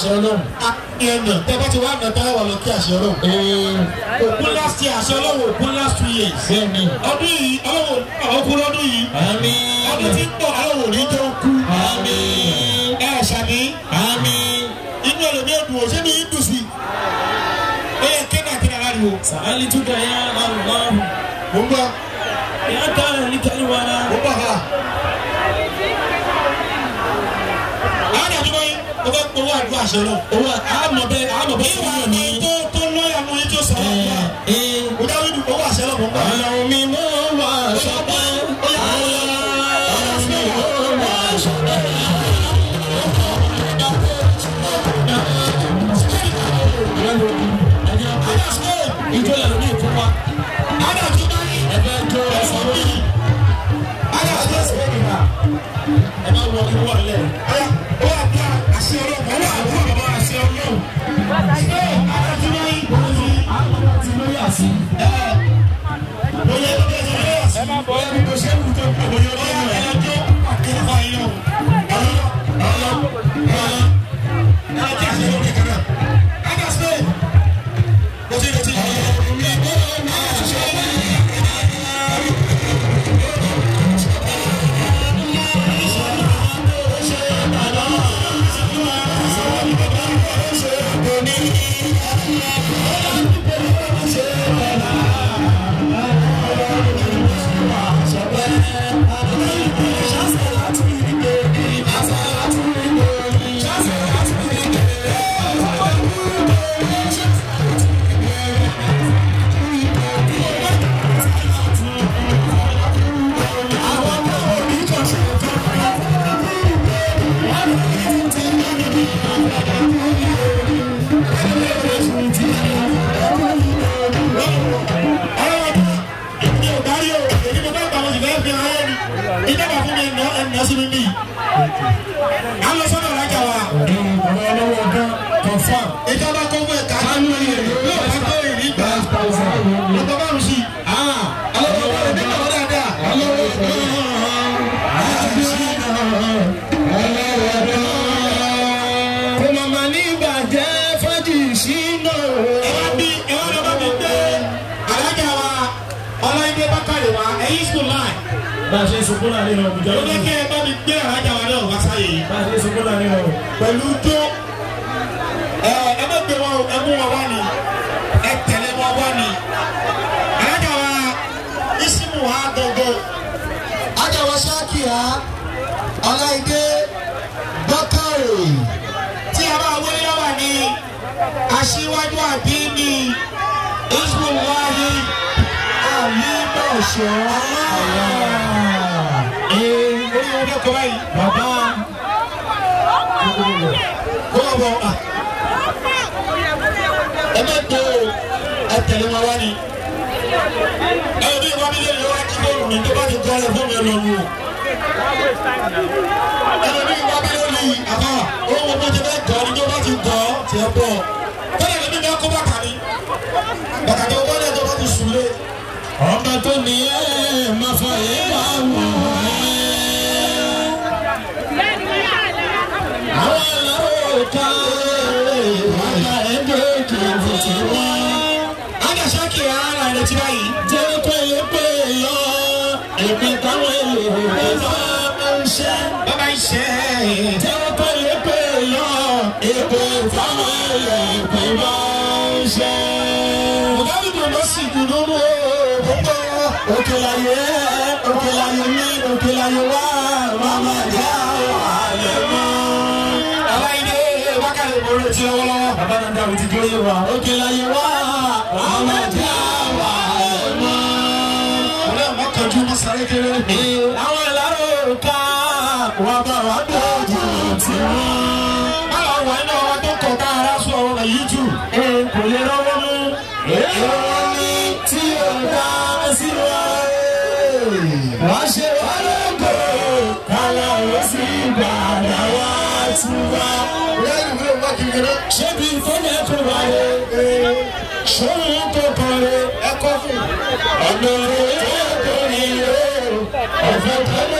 àṣẹ ọlọ́run. ẹnà tẹ bá ti wá nà tá wà lọ kí àṣẹ ọlọ́run. òkun last year àṣẹ ọlọ́run òkun last two years. bẹ́ẹ̀ni. ọdún yìí ọlọ́run òkun lọ́dún yìí. àmín. ọdún tí ń bọ̀ ọlọ́run ò ní jẹ́ òkú. àmín. ẹ ṣàmì. àmín. inú ẹlòmí ẹ̀dùn ò ṣé ní ìdùn sí. ó yẹ kéènà kí nàrà rí o. yá àrùn márùn. mo ń bọ̀. ìyá ó fẹ́ pọ̀ wá àdúrà ṣẹlẹ̀ owó àmọ̀bẹ àmọ̀bẹ fún yàn ní. end of never ní ọ́sùn níbí. a lọ sọ́dọ̀ ọ̀làjà wa. ọ̀rọ̀ ọlọ́wọ́ ọ̀gá confam. ìjọba kọ́ fún ẹ̀ka nínú bá tó ìrí gbà. lọ́tọ̀ bá rù sí i. ọlọ́wọ́ ọ̀gá ní ọ̀rọ̀ dáadáa. ọlọ́wọ́ ọ̀gá kò màmá ní ìbàjẹ́ fọ́jì sínú. bá a ṣe ń sunkún náà nínú ọ̀gbìn jọ́ ló kẹ́ ẹ bá mi gbé àrájà wa náà wá sáyé yìí. bá a ṣe ń sunkún náà nínú ọ̀gbìn. pẹ̀lú tó ẹ ẹ má gbé wọn ẹ wọn wá ni ẹ tẹ̀lé wọn wá ni àrájà wa isimu wa gbọ̀ngàn àrájà wa ṣáàkì ha ọláìdé bọ́kàrè tí a bá wọlé lọ́wọ́ ni aṣíwájú àbí mi ismu wa ni àmì bọ̀ ṣọ́ kọ báyìí. bàbá kó o bọ̀ à ẹ má gbé o ẹ tẹ̀lé wọn wá ni. ẹ bí ìwà mi lè lọ wá kí lóòrùn mi tó bá ti gbọ́ ẹ fún mi lọ nù. ẹ bí ìwà mi lè lù àbá owó mo ti bá gbọ́ ni tó bá ti gbọ́ tiẹ̀ bọ̀. bẹ́ẹ̀ ni mi bá kó bàtà mi bàtà tó wọlé tó bá ti sùn lé. ọba tó ní ẹ máa fọ yé máa wọ̀ ẹ́. ṣáàkì ara rẹ̀ ti báyìí. jẹ́ pé pé yọ ìpín táwọn èrò rẹ̀ lọ ń ṣe. bàbá ìṣe. jẹ́ pé pé yọ ìpín táwọn èrò rẹ̀ lọ ṣe. ọ̀gá mi kò lọ sí ìdùnnú mú o púpọ̀. òkè láyé òkè láyé mi òkè láyé wá màmá ìyá àlẹ́ mọ́. bàbá ilé wákàtí ìmọ̀ràn ti lọ́wọ́lọ́wọ́ bàbá náà dáhùn ti dúró yé wa. òkè láyé wá ọmọdé àwa ẹ̀rọ. ọ̀rẹ́ àwọn kọjú mọ́ sáré kéré. àwọn aláró ká wà bá wà dọ̀jú tí wọ́n. báwa wà ní ọmọ tó kọ̀ tá ara sọ ọ̀rọ̀ yìí jù. kò lè rọwọ́ mú. èèyàn ni tí o dá sí wa. wàá ṣe wá lóko kálá ó sì gbàdá wá tún wá. ṣé bí fọ́nà ẹ̀kọ́ sórí kòkó rẹ̀ ẹ̀kọ́ fún ọ̀nà òye tó ní ìlú ọ̀fẹ́ tẹ́lẹ̀.